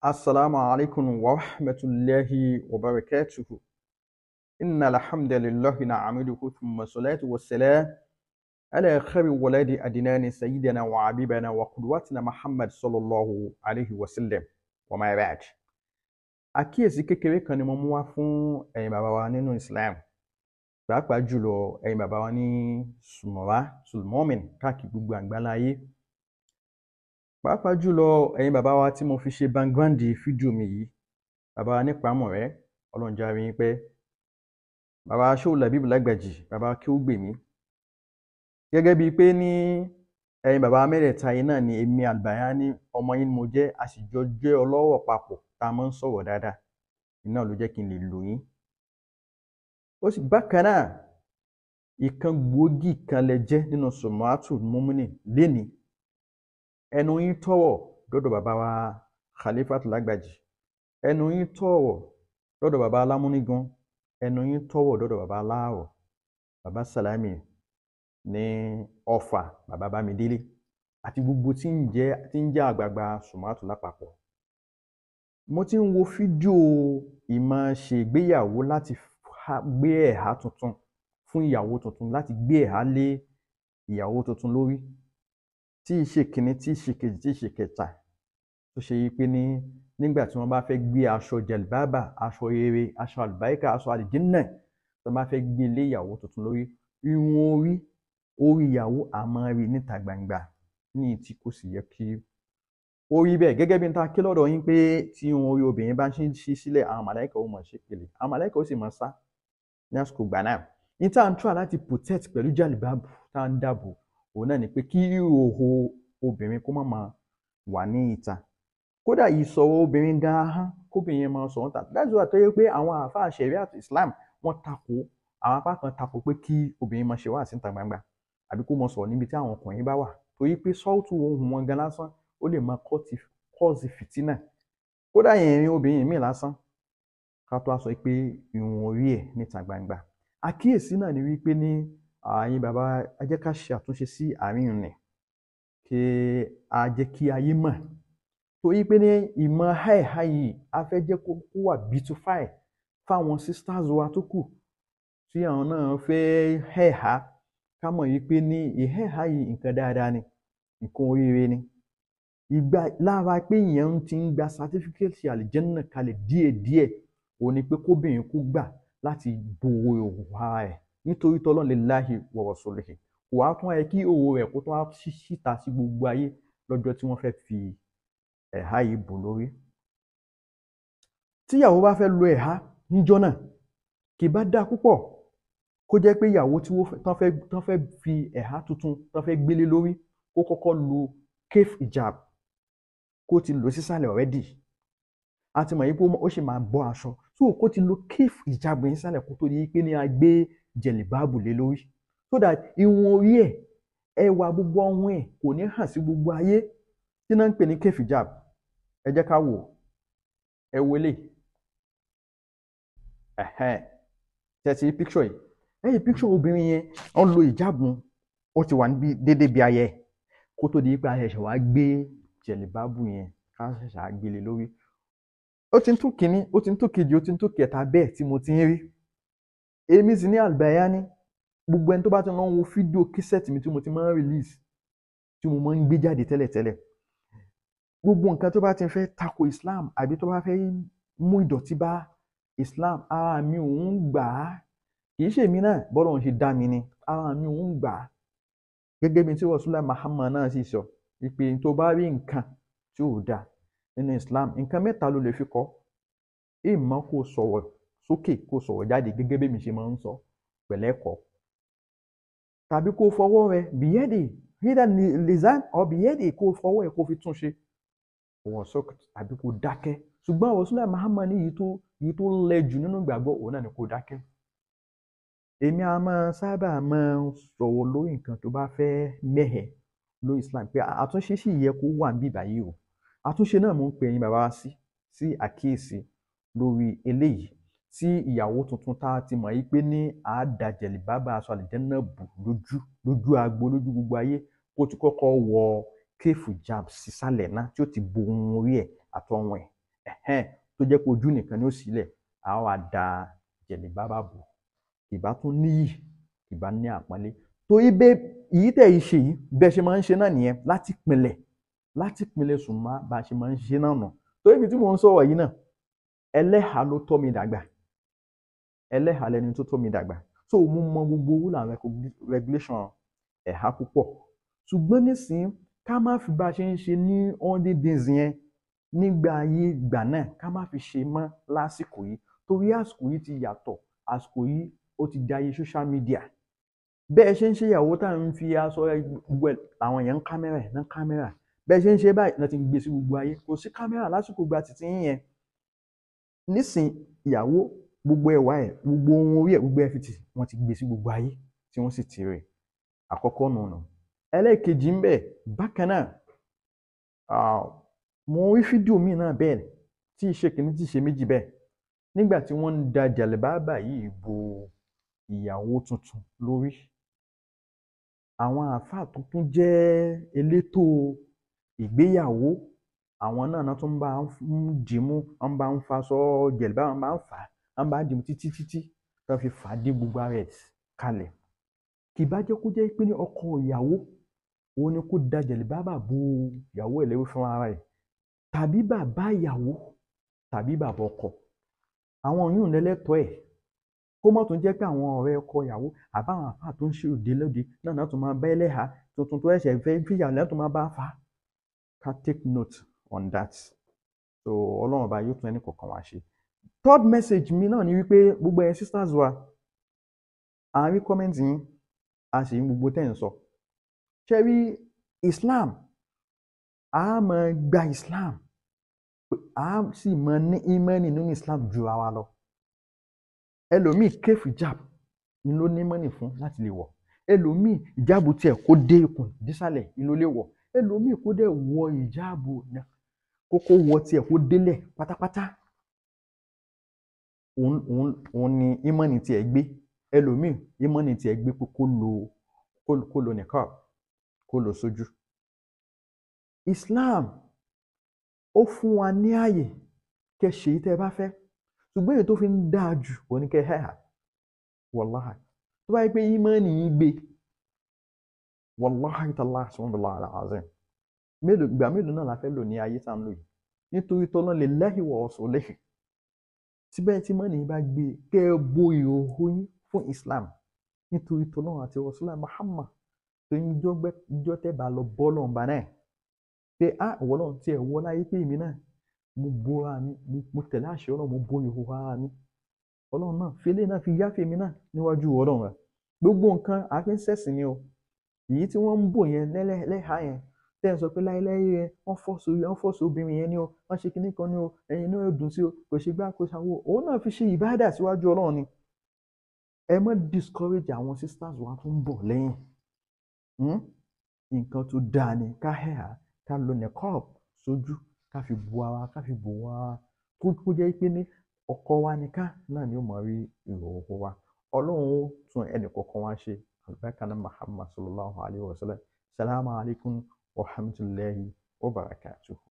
Assalamu alaikum wa rahmatullahi wa barakatuhu. Inna alhamdulillahi na'amiduhu thumma salatu wa salam ala khairi waladi adinani sayyidina wa habibana wa qudwatina Muhammad sallallahu alaihi wa sallam wa ma ba'd. Àkíyèsí kékeré kan ni mo mú wá fún ẹ̀yin bàbá wa nínú Islam. Pàápàá jùlọ ẹ̀yin bàbá wa ní Sùmọ́ra Sùlmọ́mìn káàkiri gbogbo àgbáláyé pàápàá jùlọ ẹ̀yin bàbá wa tí mo fi ṣe bangbandi fídíò mi yìí bàbá wa nípa mọ̀rẹ́ ọlọ́njà rí yín pẹ́ bàbá Ṣóò Làbíbù Lágbàjì bàbá kí ó gbè mí gẹ́gẹ́ bíi pé ní ẹ̀yin bàbá mẹ́rẹ̀ẹ̀ta yìí náà ni èmi Albayani ọmọ yín mo jẹ́ a sì jọ jẹ́ ọlọ́wọ̀ papọ̀ tá a máa ń sọ̀rọ̀ dáadáa iná ló jẹ́ kí n lè lò yín ó sì bákan náà ìkan gbòógì kan lẹ jẹ́ nínú sọ̀mọ́tò mọ́múnì lénìí ẹnu yín tọ̀wọ̀ dọ́dọ̀ bàbá wa Khalifat Lagbaji ẹnu yín tọ̀wọ̀ dọ́dọ̀ bàbá alámúnigan ẹnu yín tọ̀wọ̀ dọ́dọ̀ bàbá aláwọ̀ bàbá Salami ní Ọ̀fà bàbá Bámidélé àti gbogbo tí ń jẹ́ tí ń jẹ́ àgbààgbà sùmátù lápapọ̀ mo ti ń wo fídíò ìmọ̀ ṣègbéyàwó láti gbé ẹ̀há tuntun fún ìyàwó tuntun láti gbé ẹ̀há lé ìyàwó tuntun lórí tí í ṣe kìíní tí í ṣe kejì tí í ṣe kẹta tó ṣe yí pé ní nígbà tí wọ́n bá fẹ́ gbé aṣọ jẹlibábà aṣọ eré aṣọ àlùbáríkà aṣọ àdìjínà tí wọ́n bá fẹ́ gbé ilé ìyàwó tuntun lórí irun orí orí ìyàwó a máa rí níta gbangba ní tí kò sì yẹ kí ó rí bẹ́ẹ̀ gẹ́gẹ́ bí n ta kí lọ́dọ̀ yín pé tí irun orí obìnrin bá ń ṣí sílẹ̀ àwọn màláìkà ó ṣe pèlè àwọn màláìkà ó sì mọ̀ sá ní àsìkò gbà náà ní tá à ń tura láti protect pẹ̀lú jàlibábù tá à ń dáàbò òun náà ni pé kí ìhòòhò obìnrin kó má máa wà ní ìta kódà ìsọ̀rọ̀ obìnrin gan ahán kóbìnrin yẹn máa sọ̀rọ̀ ta that's why tó yẹ pé àwọn àáfàá ṣẹ̀ríà àti Islam wọ́n takò àwọn apá kan takò pé kí obìnrin máa ṣe wá síta gbangba àbí kó máa sọ̀rọ̀ níbi tí àwọn ọkùnrin bá wà torí pé sọ́ọ̀tù ohun wọn gan lásán ó lè máa kọ́ọ̀sì fìtínà kódà ìrìn obìnrin míì lásán ká tó a sọ pé ìrùn orí ẹ̀ níta gbangba àkíyèsí náà ni wípé ní àyìn bàbá ẹ jẹ́ ká ṣe àtúnṣe sí àárín rìn kí a jẹ́ kí ayé mọ̀ torí pé ní ìmọ̀ háìháì yìí a fẹ́ jẹ́ kó wà beautify fáwọn sisters wa tó kù tí àwọn náà fẹ́ hẹ́hà ká mọ̀ yìí pé ní ìhẹ́hà yìí nǹkan dáadáa ni nǹkan oríire ni ìgbà lára pé èèyàn ti ń gba certificate àlìjẹ́nà kalẹ̀ díẹ̀díẹ̀ òun ni pé kóbìnrin kó gbà láti bo òwò ara ẹ̀ nítorí tọ́lọ́n lè láàyè wọ̀rọ̀ sọ̀lẹ̀ wà á tún ayẹ kí òwò rẹ̀ kó tún á síta sí gbogbo ayé lọ́jọ́ tí wọ́n fẹ́ fi ẹ̀há yìí bò lórí. tíyàwó bá fẹ́ lo ẹ̀há níjọ́ náà kì bá dáa púpọ̀ kó jẹ́ pé ìyàwó tí wọ́n fẹ́ fi ẹ̀há tuntun tán fẹ́ gbélé lórí kó kọ́kọ́ lo kef hijab kó ti lò sísàlẹ̀ ọ̀rẹ́dì a ti mọ̀ yí pé ó ṣì máa bọ́ aṣọ so kó ti lo kef hijab yẹn sísàlẹ̀ kó tó di pé ní a jẹ̀lì báàbù lé lórí so that ìwọ̀n orí ẹ̀ ẹwà gbogbo ọ̀hún ẹ̀ kò ní hàn sí gbogbo ayé tí náà ń pè ní kẹfìjàb ẹ jẹ́ ká wò ẹ wọlé tẹ̀sí píkṣọ̀ yìí lẹ́yìn píkṣọ̀ obìnrin yẹn ó lo ìjáàbùn ó ti wà níbi déédéé bí ayẹ kó tó di pé aṣẹ̀ṣẹ̀ wàá gbé jẹ̀lì báàbù yẹn ká ṣẹ̀ṣẹ̀ àgbélé lórí ó ti ń tó kínní ó ti ń tó kejì ó ti ń tó kẹta bẹ́ẹ̀ tí mo ti ń rí èmi sì ní Al-Bayani gbogbo ẹni tó bá ti lọ wo fídíò kíṣẹ́ẹ̀tì mi tí mo ti máa ń release tí mo máa ń gbé jáde tẹ́lẹ̀tẹ́lẹ̀ gbogbo nǹkan tó bá ti fẹ́ tako Islam àbí tó bá fẹ́ mú ìdọ̀tí bá Islam ara mi ò ń gbà á kì í ṣe èmi náà bọ́lá òun ṣe dá mi ni ara mi ò ń gbà á gẹ́gẹ́ bí tí Rasulullah Muhammad náà sì sọ ìpè tó bá rí nǹkan tí ò dáa nínú Islam nǹkan mẹ́ta ló lè fi kọ́ èèmọ́ kò sọ̀rọ̀ sókè kó sọ̀rọ̀ jáde gẹ́gẹ́ bí mi ṣe máa ń sọ pẹ̀lẹ́kọ̀ tàbí kó fọwọ́ rẹ bìyẹ́dì hídà lizan or bìyẹ́dì kó fọwọ́ ẹ̀ kó fi tún ṣe wọ́n sọ̀kè tàbí kó dákẹ́ ṣùgbọ́n àwọn sùnà mahama ní yìí tó yìí tó lẹ́jù nínú ìgbàgbọ́ òun náà ni kó dákẹ́ èmi a máa sábà máa sọ̀rọ̀ lórí nǹkan tó bá fẹ́ mẹ́hẹ̀ lórí Islam pé àtúnṣe sì yẹ kó wà níbí báyìí o àtúnṣe náà mò ń pè yín bàbá sí sí àkíyèsí lórí eléyìí tí ìyàwó tuntun tá a ti mọ̀ yí pé ní àádájẹ̀lì bàbá aṣọ àlìjẹ́nà bù lójú lójú agbo lójú gbogbo ayé kó ti kọ́kọ́ wọ kéèfù jab sísàlẹ̀ náà tí ó ti bo ohun orí ẹ̀ àtọ̀hún ẹ̀ ẹ̀hẹ́n tó jẹ́ pé ojú nìkan ni ó sílẹ̀ a wá da jẹ̀lì bàbá bù ìbá tún níyì ìbá ní àpọ́nlé torí bẹ́ẹ̀ èyí tẹ̀ yìí ṣe yìí bẹ́ẹ̀ ṣe máa ń ṣe náà nìyẹn láti pinlẹ̀ láti pinlẹ̀ sùnmọ́ bá a ṣe máa ń ṣe náà nà torí ibi tí mò ń sọ̀rọ̀ yìí náà ẹlẹ́hàá ló tọ́ mi dàgbà ẹlẹ́hàá lẹni tó tó mi dàgbà so mo mọ gbogbo rule and regulation ẹ̀há púpọ̀ ṣùgbọ́n nísìnyí ká má fi bá a ṣe ń ṣe ní hundred days yẹn nígbà ayé ìgbà náà ká má fi ṣe mọ́ lásìkò yìí torí àsìkò yìí ti yàtọ̀ àsìkò yìí ó ti di ayé social media bẹ́ẹ̀ ṣe ń ṣe ìyàwó tá à ń fi aṣọ ẹgbẹ́ àwọn èèyàn ń kámẹ́rà ẹ̀ ń kámẹ́rà bẹ́ẹ̀ ṣe ń ṣe báyìí láti gbé gbogbo ayé kò sí kámẹ́rà lásìkò gba títí yẹn nísìn ìyàwó gbogbo ẹwà ẹ gbogbo ohun orí ẹ gbogbo ẹfìtì wọn ti gbé sí gbogbo ayé tí wọn sì ti rè àkọ́kọ́ nùnà ẹlẹ́ẹ̀kejì ń bẹ bákan náà ah, mo rí fídíò míì náà bẹ́ẹ̀ tí í ṣe kìíní tí í ṣe méjì bẹ́ẹ̀ nígbà tí wọn ń da jàlẹbàbà yìí bo ìyàwó tuntun lórí àwọn àáfàá tuntun jẹ́ elétò ìgbéyàwó àwọn náà náà tún bá ń dìímú wọn bá ń faṣọ jẹlẹbàbà wọn bá ń fà á à ń bá dìmú títí títí tó fi fà á dé gbogbo ara ẹ̀ kalẹ̀ kì bá jẹ́ kó jẹ́ pé ní ọkọ ìyàwó òun ni kó da jẹ̀lìbábà bo ìyàwó ẹ̀ lẹ́wọ́ fún ara ẹ̀ tàbí bàbá ìyàwó tàbí bàbá ọkọ àwọn yìí ń lẹ́lẹ́tọ̀ọ́ ẹ̀ kó mọ̀ tún jẹ́ pé àwọn ọ̀rẹ́ ọkọ ìyàwó àbáwọn àfáà tó ń ṣe òde lóde náà náà tún máa bá ẹlẹ́hà tuntun tó ẹ̀ṣẹ̀ fẹ́ fìyà lẹ́yìn tó máa bá fa ká take note on that so ọlọ́run ọba yóò tún ẹnì kọ̀ọ̀kan wá ṣe third message mi náà ni wípé gbogbo ẹ sisters wa à ń rí comment yín a sì ń gbogbo tẹ̀ ń sọ ṣe rí Islam a máa gba Islam a sì máa ní imani nínú Islam ju àwa lọ ẹlòmíì kéfì jab ni ló ní imani fún láti lè wọ ẹlòmíì ìjáàbù tiẹ̀ kó dé ikùn dísàlẹ̀ ni ló lè wọ ẹlòmíì kó dẹ̀ wọ ìjáàbù kókó wọ tiẹ̀ kó délẹ̀ pátápátá òun òun òun ni ìmọ̀nì tiẹ̀ e gbé ẹlòmíì ìmọ̀nì tiẹ̀ e gbé pé kó lo kó lo nìkan kó lo sójú. Islam ó fún wa ní àyè kẹ́ ṣe yìí tẹ́ ẹ bá fẹ́ ṣùgbọ́n èyí tó fi ń dáa jù òun ni kẹ́ hẹ́hà wàláhà tó bá yẹ pé ìmọ̀nì yìí gbé wàláhà ìtàlá sọ̀rọ̀ àlàzẹ̀ mélòó gbà mélòó náà la fẹ́ lò ní ayé tá ń lò yìí nítorí tọ́lọ́ lè lẹ́hìn wọ̀ ọ̀sọ̀ lẹ́hìn síbẹ̀ tí mọ́nì bá gbé e kẹ́ ẹ bo ìhòòhò yín fún Islam nítorí tọ́lọ́run àti Rasulullah Muhammad tó ń jọ́ tẹ́bà lọ bọ́ lọ́run bá náà pé á ìwọ náà tiẹ̀ wọ láyé pé èmi náà mo bora mi mo tẹ̀lé àṣẹ ọlọ́run mo bo ìhòòhò ara mi ọlọ́run náà fílẹ̀ náà fi yáfẹ́ mi náà níwájú ọlọ́run rẹ̀ gbogbo nǹkan àfi ni o èyí tí wọ́n ń bò yẹn lẹ́lẹ́hàá yẹn tẹ́ ẹ̀ sọ pé láéláé yẹ wọ́n fọ́ọ̀sì yẹn wọ́n fọ́ọ̀sì obìnrin yẹn ni o wọ́n ṣe kinní kan ni o ẹ̀yin náà yóò dùn sí o kò ṣe gbá kó ṣàwọ̀ òun náà fi ṣe ìbáàdà síwájú ọlọ́run ni ẹ má discourage àwọn sisters wa tó ń bọ̀ lẹ́yìn hmm? nǹkan tó dáa ni ká hẹ́hà ká lo nìkọ́ọ̀p sójú ká fi bu ara ká fi bò wá kó jẹ́ pé ní ọkọ wa nìkan náà ni ó mọ̀ rí ìrọ̀wọ́ wa ọlọ́run tún ẹnì kọ̀ọ̀kan wa ṣe àlùbáyà kan Muhammad sallallahu alayhi wa sallam salamu alaykum ورحمة الله وبركاته